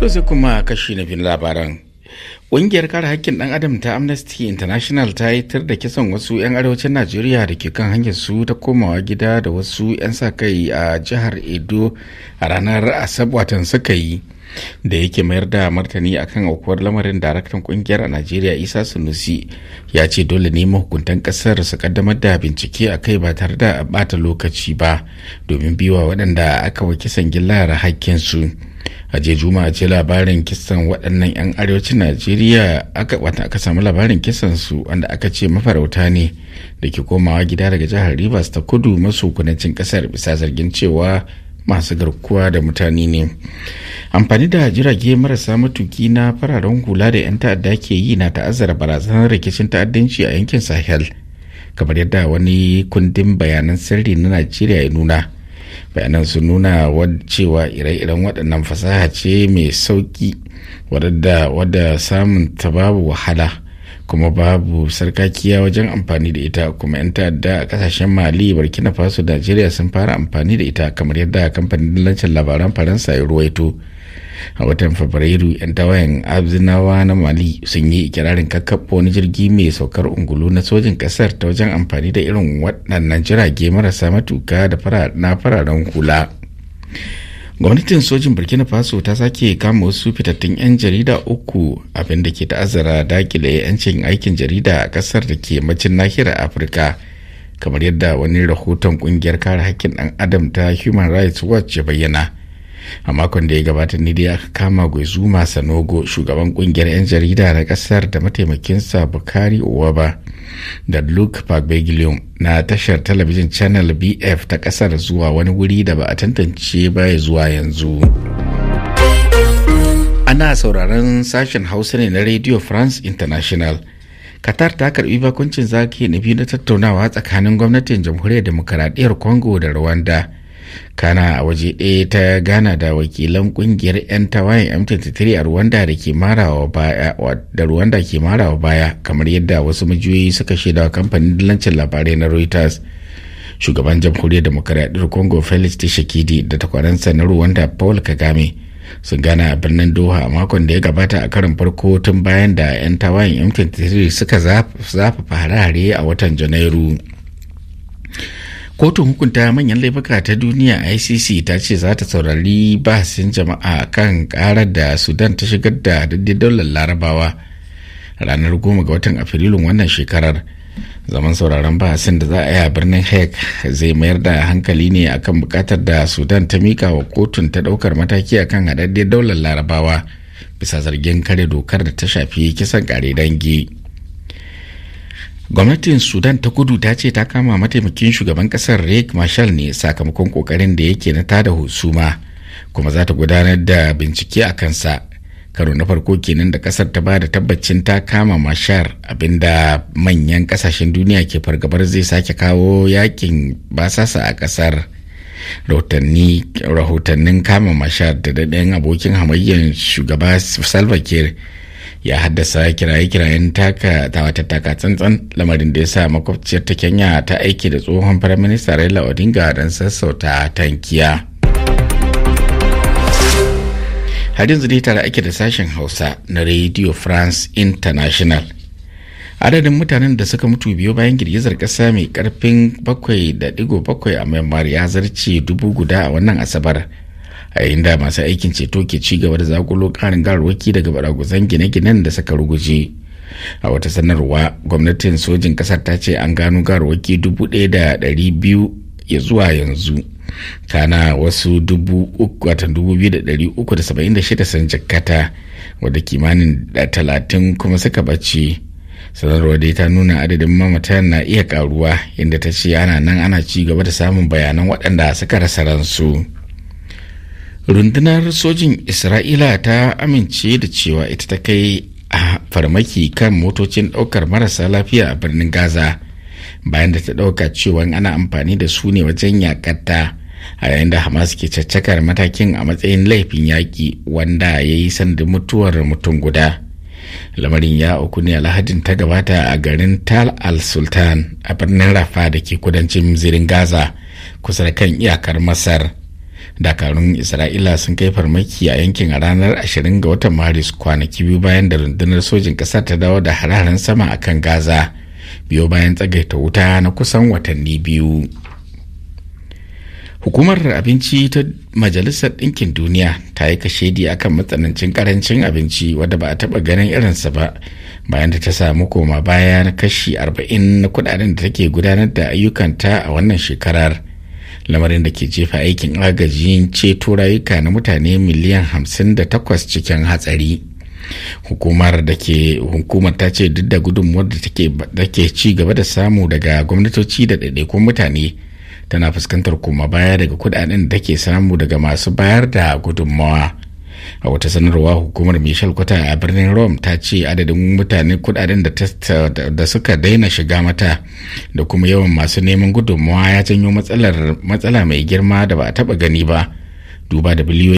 To sai kuma kashi na bin labaran. Ƙungiyar kare haƙƙin ɗan adam ta Amnesty International ta yi tar da kisan wasu 'yan arewacin Najeriya da ke kan hanyar su ta komawa gida da wasu 'yan sa kai a jihar Edo a ranar Asabar watan suka yi. da yake mayar da martani akan aukuwar lamarin daraktan ƙungiyar a najeriya isa sunusi ya ce dole ne mahukuntan ƙasar su kaddamar da bincike a kai ba tare da bata lokaci ba domin biwa waɗanda aka wa kisan hakkin su. a Juma juma'a ce labarin kisan waɗannan 'yan arewacin najeriya aka wata aka samu labarin kisan su wanda aka ce mafarauta ne da ke komawa gida daga jihar rivers ta kudu maso kudancin kasar bisa zargin cewa masu garkuwa da mutane ne amfani da jirage marasa matuki na fararen hula da 'yan ta'adda ke yi na ta'azzara barazanar rikicin ta'addanci a yankin sahel kamar yadda wani kundin bayanan sirri na najeriya ya nuna bayanan sun nuna cewa ire-iren waɗannan fasaha ce mai sauƙi wadda samun ta babu wahala kuma babu sarkakiya wajen amfani da ita kuma 'yan ta'adda a kasashen mali burkina faso da najeriya sun fara amfani da ita kamar yadda kamfanin lancin labaran faransa ya ruwaito a watan fabrairu 'yan tawayen abzinawa na mali sun yi ikirarin kakkaɓo wani jirgi mai saukar ungulu na sojin ƙasar ta wajen amfani da irin waɗannan jirage marasa matuka da na fararen hula gwamnatin sojin burkina faso ta sake kama wasu fitattun 'yan jarida uku abinda ke ta'azzara dakile 'yancin aikin jarida a ƙasar da ke macin nahiyar afirka kamar yadda wani rahoton kungiyar kare haƙƙin ɗan adam ta human rights watch ya bayyana a makon da ya gabata ne dai aka kama Gwezuma Sanogo shugaban kungiyar 'yan jarida na kasar da mataimakinsa Bukari Uwaba da Luke Pagbegilium na tashar talabijin Channel BF ta kasar zuwa wani wuri da ba a tantance ba ya zuwa yanzu. Ana sauraron sashen Hausa ne na Radio France International. Qatar ta karbi bakuncin zaki na biyu na tattaunawa tsakanin gwamnatin jamhuriyar demokaradiyyar Congo da Rwanda. kana a waje ɗaya ta gana da wakilan kungiyar 'yan tawayen m23 a rwanda da ke marawa baya rwanda ke marawa baya kamar yadda wasu majiyoyi suka shaidawa kamfanin dillancin labarai na reuters shugaban jamhuriyar demokaradiyyar congo felix tshisekedi da takwaransa na rwanda paul kagame sun gana a birnin doha a makon da ya gabata a karin farko tun bayan da 'yan tawayen m23 suka zafafa hare-hare a watan janairu kotun hukunta manyan laifuka ta duniya icc ta ce za ta saurari bahasin jama'a kan karar da sudan ta shigar da daular larabawa ranar goma ga watan afrilun wannan shekarar zaman sauraron bahasin da za a yi a birnin hague zai mayar da hankali ne akan bukatar da sudan ta mika wa kotun ta daukar mataki akan haɗaɗɗiyar daular larabawa bisa zargin kare dokar da ta shafi kisan kare dangi. gwamnatin sudan ta kudu ta ce ta kama mataimakin shugaban kasar riek marshal ne sakamakon kokarin da yake na tada husuma kuma za ta gudanar da bincike a kansa karo na farko kenan da kasar ta ba da tabbacin ta kama mashar abinda manyan kasashen duniya ke fargabar zai sake kawo yakin basasa a kasar rahotannin kama mashar da daɗin abokin hamayyar shugaba salva kiir ya haddasa kiraye-kirayen taka tawata taka tsantsan lamarin da ya sa makwabciyar ta kenya ta aiki da tsohon firaminista raila odinga don sassauta tankiya har yanzu dai tare ake da sashen hausa na radio france international adadin mutanen da suka mutu biyu bayan girgizar kasa mai karfin 7.7 a myanmar ya zarce dubu guda a wannan asabar a inda masu aikin ceto ke ci gaba da zakulo karin garwaki daga baraguzan gine-ginen da suka ruguje a wata sanarwa gwamnatin sojin kasar ta ce an gano garwaki dubu ɗaya da ɗari biyu ya zuwa yanzu kana wasu dubu uku watan dubu biyu da ɗari uku da saba'in da shida sun jikkata wadda kimanin da talatin kuma suka bace sanarwar dai ta nuna adadin mamatan na iya karuwa inda ta ce ana nan ana ci gaba da samun bayanan waɗanda suka rasa ransu. rundunar sojin isra'ila ta amince da cewa ita ta kai a farmaki kan motocin ɗaukar marasa lafiya a birnin gaza bayan da ta ɗauka cewa ana amfani da su ne wajen yakarta a yayin da hamas ke caccakar matakin a matsayin laifin yaƙi wanda ya yi sandin mutuwar mutum guda lamarin ya uku ne alhadin ta gabata a garin tal al-sultan a birnin rafa da ke kudancin zirin gaza kusa da kan iyakar masar dakarun isra'ila sun kai farmaki a yankin a ranar 20 ga watan maris kwanaki biyu bayan da rundunar sojin ƙasar ta dawo da hararen sama a kan gaza biyo bayan tsagaita wuta na kusan watanni biyu hukumar abinci ta majalisar ɗinkin duniya ta yi kashedi akan matsanancin karancin abinci wadda ba a taɓa ganin irinsa ba bayan da ta samu koma baya na kashi 40 na kudaden da take gudanar da ayyukanta a wannan shekarar lamarin da ke jefa aikin agajin ceto rayuka na mutane miliyan 58 cikin hatsari hukumar da ke hukumar ta ce duk da gudunmuwar da take ci gaba da samu daga gwamnatoci da ɗaiɗaikun mutane tana fuskantar kuma baya daga kudaden da take samu daga masu bayar da gudunmawa a wata sanarwa hukumar michel kwata a birnin rome ta ce adadin mutane kudaden da suka daina shiga mata da kuma yawan masu neman gudunmawa ya janyo matsala mai girma da ba a taba gani ba duba da biliyoyi